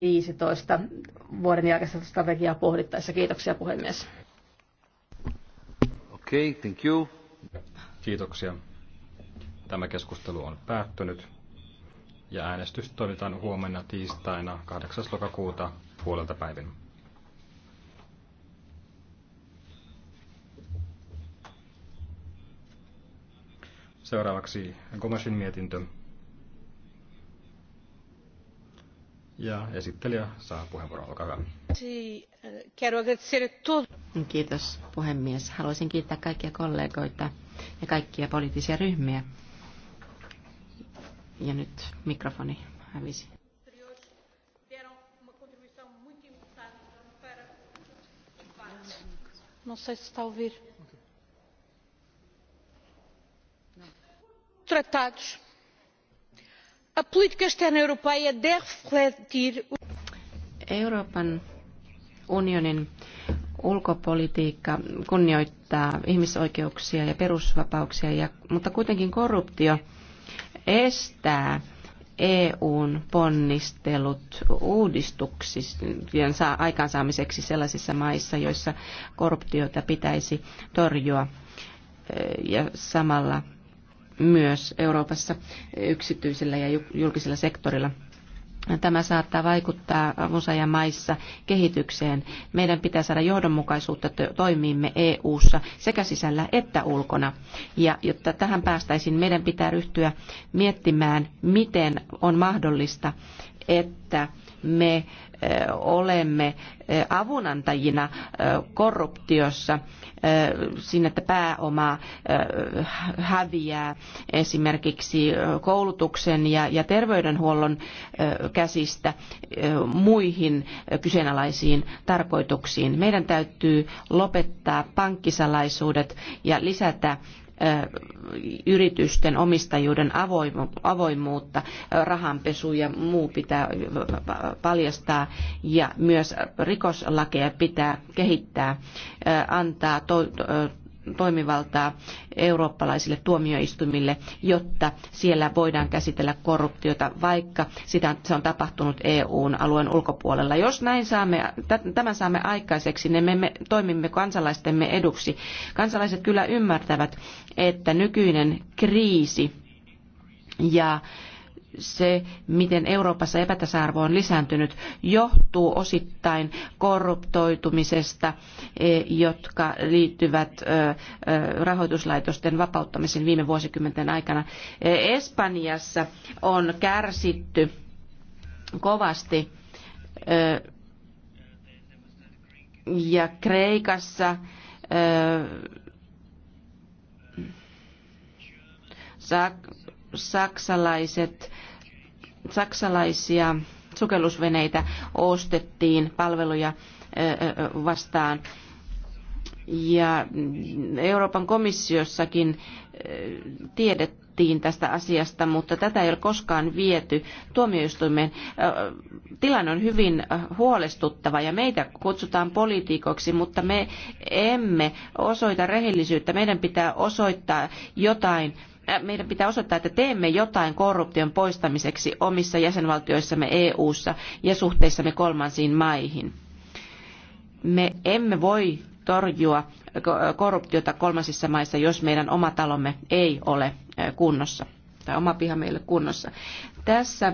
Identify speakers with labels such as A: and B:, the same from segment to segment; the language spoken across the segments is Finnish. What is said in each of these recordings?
A: 2015 vuoden jälkeistä strategiaa pohdittaessa. Kiitoksia puhemies.
B: Okei, okay, thank you. Kiitoksia. Tämä keskustelu on päättynyt ja äänestys toimitaan huomenna tiistaina 8. lokakuuta puolelta päivin. Seuraavaksi Gomesin mietintö. Ja esittelijä saa puheenvuoron, olkaa hyvä. Kiitos
C: puhemies. Haluaisin kiittää kaikkia kollegoita ja kaikkia poliittisia ryhmiä. Ja nyt mikrofoni hävisi. Não sei se está a A política externa europeia deve refletir... Euroopan unionin ulkopolitiikka kunnioittaa ihmisoikeuksia ja perusvapauksia, mutta kuitenkin korruptio estää EUn ponnistelut uudistuksien aikaansaamiseksi sellaisissa maissa, joissa korruptiota pitäisi torjua ja samalla myös Euroopassa yksityisellä ja julkisella sektorilla. Tämä saattaa vaikuttaa maissa kehitykseen. Meidän pitää saada johdonmukaisuutta toimiimme EU-ssa sekä sisällä että ulkona. Ja jotta tähän päästäisiin, meidän pitää ryhtyä miettimään, miten on mahdollista, että me olemme avunantajina korruptiossa siinä, että pääomaa häviää esimerkiksi koulutuksen ja terveydenhuollon käsistä muihin kyseenalaisiin tarkoituksiin. Meidän täytyy lopettaa pankkisalaisuudet ja lisätä yritysten omistajuuden avoimuutta, rahanpesu ja muu pitää paljastaa ja myös rikoslakeja pitää kehittää, antaa toimivaltaa eurooppalaisille tuomioistuimille, jotta siellä voidaan käsitellä korruptiota, vaikka sitä, se on tapahtunut EUn alueen ulkopuolella. Jos näin saamme, tämän saamme aikaiseksi, niin me, me toimimme kansalaistemme eduksi. Kansalaiset kyllä ymmärtävät, että nykyinen kriisi ja se, miten Euroopassa epätasa-arvo on lisääntynyt, johtuu osittain korruptoitumisesta, eh, jotka liittyvät rahoituslaitosten vapauttamisen viime vuosikymmenten aikana. Eh, Espanjassa on kärsitty kovasti ja Kreikassa Saksassa saksalaiset, saksalaisia sukellusveneitä ostettiin palveluja vastaan. Ja Euroopan komissiossakin tiedettiin tästä asiasta, mutta tätä ei ole koskaan viety tuomioistuimeen. Tilanne on hyvin huolestuttava ja meitä kutsutaan poliitikoksi, mutta me emme osoita rehellisyyttä. Meidän pitää osoittaa jotain Äh, meidän pitää osoittaa, että teemme jotain korruption poistamiseksi omissa jäsenvaltioissamme EU-ssa ja suhteissamme kolmansiin maihin. Me emme voi torjua korruptiota kolmansissa maissa, jos meidän oma talomme ei ole äh, kunnossa tai oma piha meille kunnossa. Tässä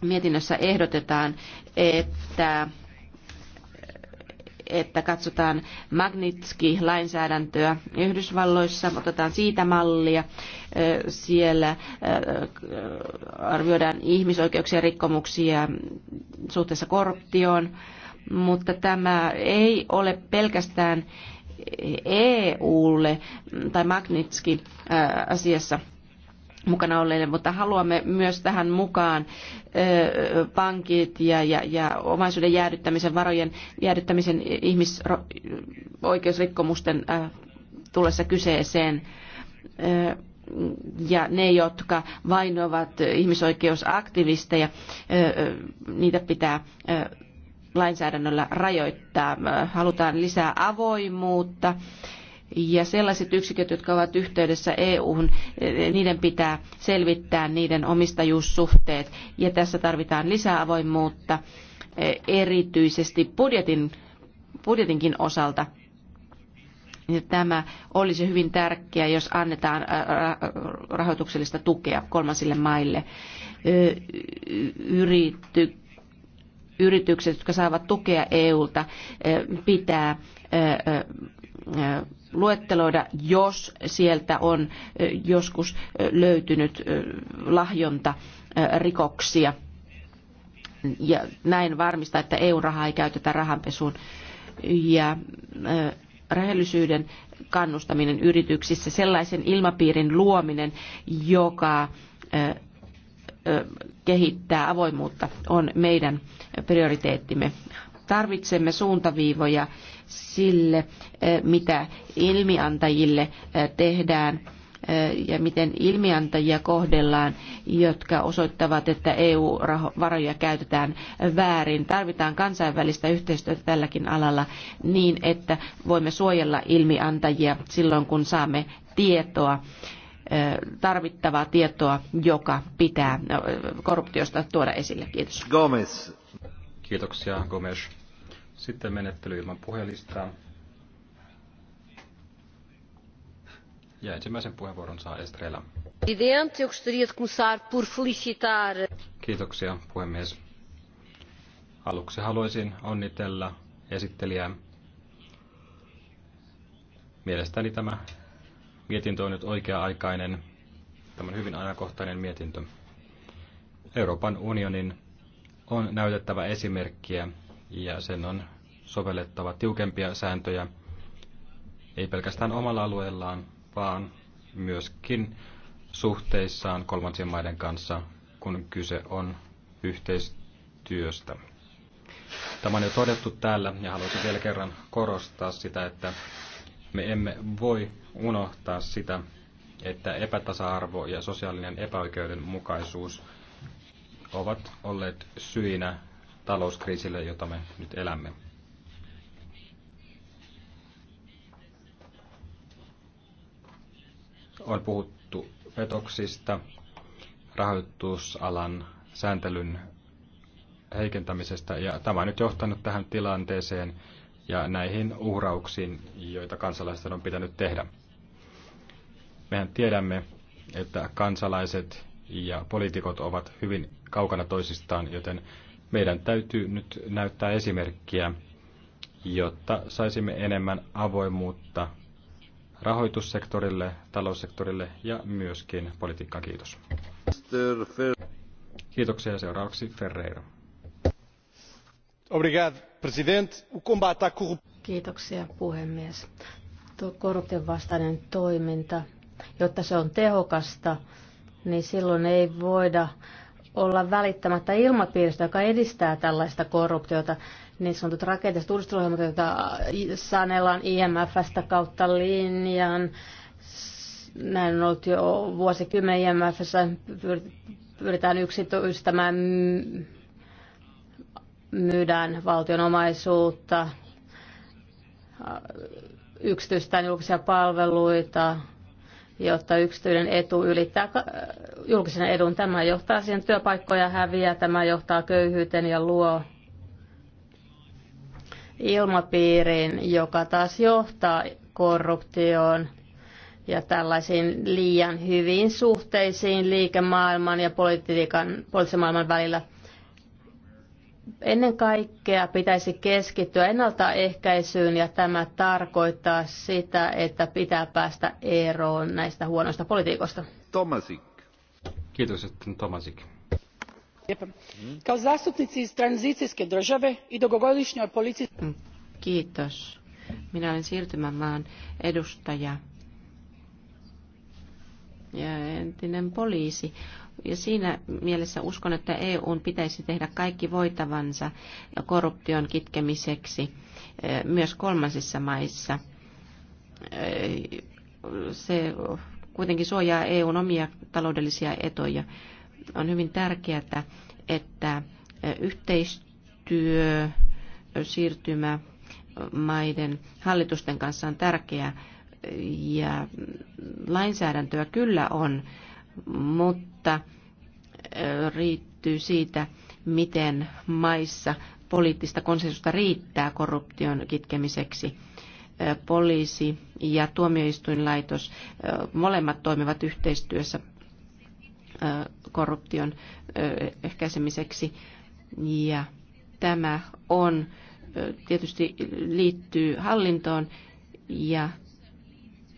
C: mietinnössä ehdotetaan, että että katsotaan Magnitski-lainsäädäntöä Yhdysvalloissa, otetaan siitä mallia. Siellä arvioidaan ihmisoikeuksien rikkomuksia suhteessa korruptioon, mutta tämä ei ole pelkästään EUlle e tai Magnitski-asiassa mukana olleille, mutta haluamme myös tähän mukaan pankit ja, ja, ja omaisuuden jäädyttämisen, varojen jäädyttämisen ihmisoikeusrikkomusten tullessa kyseeseen. Ja ne, jotka vainoavat ihmisoikeusaktivisteja, niitä pitää lainsäädännöllä rajoittaa. Halutaan lisää avoimuutta ja sellaiset yksiköt, jotka ovat yhteydessä EU-hun, eh, niiden pitää selvittää niiden omistajuussuhteet. Ja tässä tarvitaan lisää avoimuutta eh, erityisesti budjetin, budjetinkin osalta. Ja tämä olisi hyvin tärkeää, jos annetaan rahoituksellista tukea kolmansille maille. Eh, Yrity, yritykset, jotka saavat tukea EUlta, pitää luetteloida, jos sieltä on joskus löytynyt lahjontarikoksia. Ja näin varmistaa, että EU-rahaa ei käytetä rahanpesuun. Ja rehellisyyden kannustaminen yrityksissä, sellaisen ilmapiirin luominen, joka kehittää avoimuutta, on meidän prioriteettimme Tarvitsemme suuntaviivoja sille, eh, mitä ilmiantajille eh, tehdään eh, ja miten ilmiantajia kohdellaan, jotka osoittavat, että EU-varoja käytetään väärin. Tarvitaan kansainvälistä yhteistyötä tälläkin alalla niin, että voimme suojella ilmiantajia silloin, kun saamme tietoa tarvittavaa tietoa, joka pitää korruptiosta tuoda esille. Kiitos.
B: Gomez. Kiitoksia, Gomes. Sitten menettely ilman puhelistaa. Ja ensimmäisen puheenvuoron saa Estrella. Kiitoksia, puhemies. Aluksi haluaisin onnitella esittelijää. Mielestäni tämä mietintö on nyt oikea-aikainen. Tämä on hyvin ajankohtainen mietintö. Euroopan unionin on näytettävä esimerkkiä ja sen on sovellettava tiukempia sääntöjä ei pelkästään omalla alueellaan, vaan myöskin suhteissaan kolmansien maiden kanssa, kun kyse on yhteistyöstä. Tämä on jo todettu täällä ja haluaisin vielä kerran korostaa sitä, että me emme voi unohtaa sitä, että epätasa-arvo ja sosiaalinen epäoikeudenmukaisuus – ovat olleet syinä talouskriisille, jota me nyt elämme. On puhuttu petoksista, rahoitusalan sääntelyn heikentämisestä, ja tämä on nyt johtanut tähän tilanteeseen ja näihin uhrauksiin, joita kansalaisten on pitänyt tehdä. Mehän tiedämme, että kansalaiset ja poliitikot ovat hyvin kaukana toisistaan, joten meidän täytyy nyt näyttää esimerkkiä, jotta saisimme enemmän avoimuutta rahoitussektorille, taloussektorille ja myöskin politiikkaan. Kiitos. Kiitoksia seuraavaksi Ferreira.
A: Kiitoksia puhemies. Korruption vastainen toiminta, jotta se on tehokasta, niin silloin ei voida olla välittämättä ilmapiiristä, joka edistää tällaista korruptiota. Niin sanotut rakenteiset uudistusohjelmat, joita sanellaan IMFstä kautta linjan, näin on ollut jo vuosikymmen IMFssä, pyritään yksityistämään, myydään valtionomaisuutta, yksityistään julkisia palveluita, jotta yksityinen etu ylittää julkisen edun. Tämä johtaa siihen työpaikkoja häviää, tämä johtaa köyhyyteen ja luo ilmapiiriin, joka taas johtaa korruptioon ja tällaisiin liian hyviin suhteisiin liikemaailman ja politiikan, poliittisen maailman välillä – ennen kaikkea pitäisi keskittyä ennaltaehkäisyyn ja tämä tarkoittaa sitä, että pitää päästä eroon näistä huonoista politiikoista.
B: Tomasik. Kiitos, että Tomasik.
C: Kiitos. Minä olen siirtymämaan edustaja ja entinen poliisi. Ja siinä mielessä uskon, että EUn pitäisi tehdä kaikki voitavansa korruption kitkemiseksi eh, myös kolmansissa maissa. Eh, se kuitenkin suojaa EUn omia taloudellisia etoja. On hyvin tärkeää, että eh, yhteistyö, siirtymä maiden hallitusten kanssa on tärkeää ja lainsäädäntöä kyllä on mutta riittyy siitä, miten maissa poliittista konsensusta riittää korruption kitkemiseksi. Poliisi ja tuomioistuinlaitos molemmat toimivat yhteistyössä korruption ehkäisemiseksi ja tämä on tietysti liittyy hallintoon ja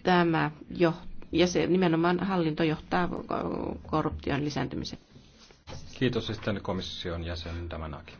C: tämä johtaa ja se nimenomaan hallinto johtaa korruption
B: lisääntymiseen. Kiitos sitten komission jäsen Damanaki.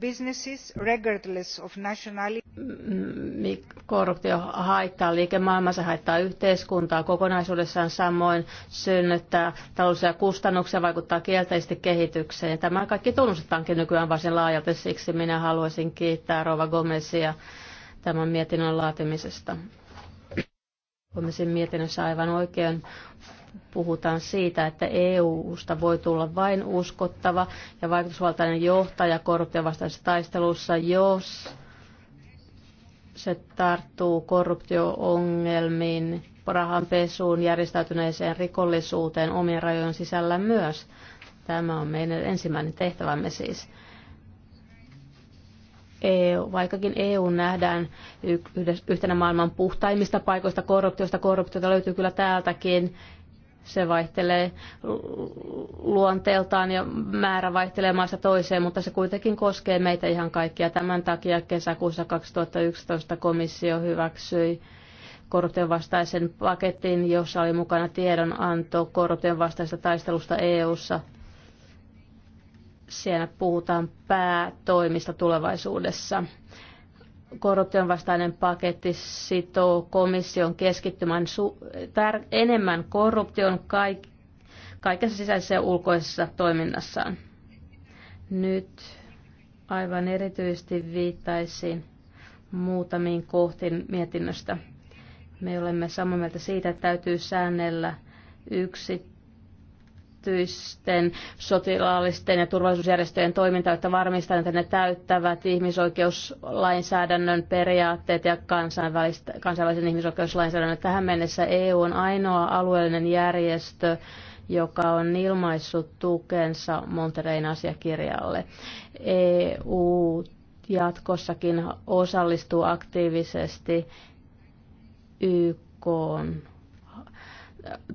C: businesses regardless of nationality.
A: Mm, korruptio haittaa liikemaailmassa, haittaa yhteiskuntaa kokonaisuudessaan samoin, synnyttää taloudellisia kustannuksia, vaikuttaa kielteisesti kehitykseen. Tämä kaikki tunnustetaankin nykyään varsin laajalti, siksi minä haluaisin kiittää Rova Gomezia tämän mietinnön laatimisesta komission mietinnössä aivan oikein puhutaan siitä, että EUsta voi tulla vain uskottava ja vaikutusvaltainen johtaja korruptiovastaisessa taistelussa, jos se tarttuu korruptioongelmiin, rahanpesuun, järjestäytyneeseen rikollisuuteen omien rajojen sisällä myös. Tämä on meidän ensimmäinen tehtävämme siis. EU, vaikkakin EU nähdään yhtenä maailman puhtaimmista paikoista korruptiosta, korruptiota löytyy kyllä täältäkin. Se vaihtelee luonteeltaan ja määrä vaihtelee maasta toiseen, mutta se kuitenkin koskee meitä ihan kaikkia. Tämän takia kesäkuussa 2011 komissio hyväksyi korruption vastaisen paketin, jossa oli mukana tiedonanto korruption vastaisesta taistelusta EU:ssa. ssa siellä puhutaan päätoimista tulevaisuudessa. Korruption vastainen paketti sitoo komission keskittymään enemmän korruption kaik- kaikessa sisäisessä ja ulkoisessa toiminnassaan. Nyt aivan erityisesti viittaisin muutamiin kohtiin mietinnöstä. Me olemme samaa mieltä siitä, että täytyy säännellä yksi yksityisten sotilaallisten ja turvallisuusjärjestöjen toimintaa, että varmistetaan, että ne täyttävät ihmisoikeuslainsäädännön periaatteet ja kansainvälisen ihmisoikeuslainsäädännön. Tähän mennessä EU on ainoa alueellinen järjestö, joka on ilmaissut tukensa Monterein asiakirjalle. EU jatkossakin osallistuu aktiivisesti YK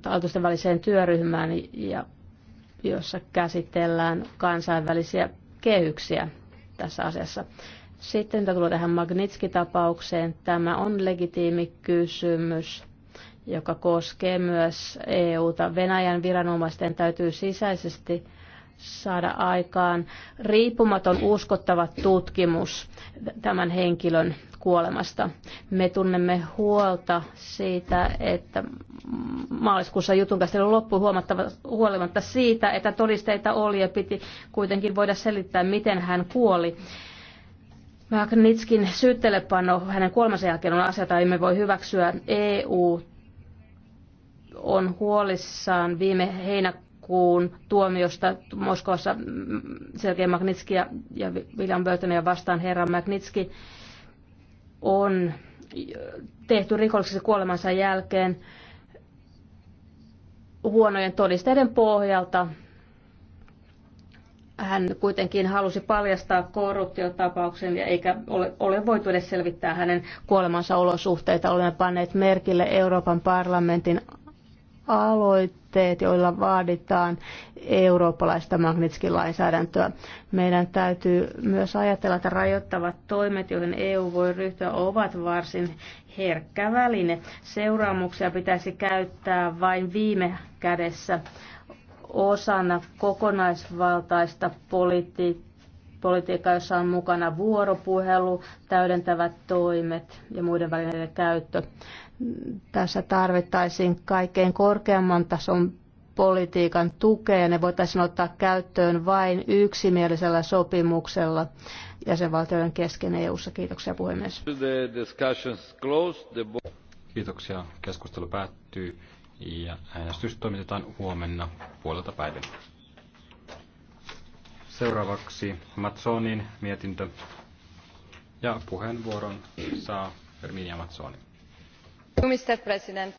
A: hallitusten väliseen työryhmään ja jossa käsitellään kansainvälisiä kehyksiä tässä asiassa. Sitten mitä tulee tähän Magnitski-tapaukseen, tämä on legitiimi kysymys, joka koskee myös EUta. Venäjän viranomaisten täytyy sisäisesti saada aikaan riippumaton uskottava tutkimus tämän henkilön kuolemasta. Me tunnemme huolta siitä, että maaliskuussa jutun käsittely loppui huolimatta siitä, että todisteita oli ja piti kuitenkin voida selittää, miten hän kuoli. Magnitskin syyttelepano hänen kuolemansa jälkeen on asia, jota emme voi hyväksyä. EU on huolissaan viime heinä kuun tuomiosta Moskovassa mm, Sergei Magnitski ja William ja vastaan. Herra Magnitski on tehty rikollisesti kuolemansa jälkeen huonojen todisteiden pohjalta. Hän kuitenkin halusi paljastaa korruptiotapauksen ja eikä ole, ole voitu edes selvittää hänen kuolemansa olosuhteita. Olemme panneet merkille Euroopan parlamentin aloit esteet, joilla vaaditaan eurooppalaista Magnitskin lainsäädäntöä. Meidän täytyy myös ajatella, että rajoittavat toimet, joihin EU voi ryhtyä, ovat varsin herkkä väline. Seuraamuksia pitäisi käyttää vain viime kädessä osana kokonaisvaltaista politiikkaa politiikka, jossa on mukana vuoropuhelu, täydentävät toimet ja muiden välineiden käyttö. Tässä tarvittaisiin kaikkein korkeamman tason politiikan tukea. Ne voitaisiin ottaa käyttöön vain yksimielisellä sopimuksella jäsenvaltioiden kesken EU-ssa. Kiitoksia puhemies.
B: Kiitoksia. Keskustelu päättyy ja äänestys toimitetaan huomenna puolelta päivänä. Seuraavaksi Matsonin mietintö ja puheenvuoron saa Herminia Matsoni.
A: Mr. President.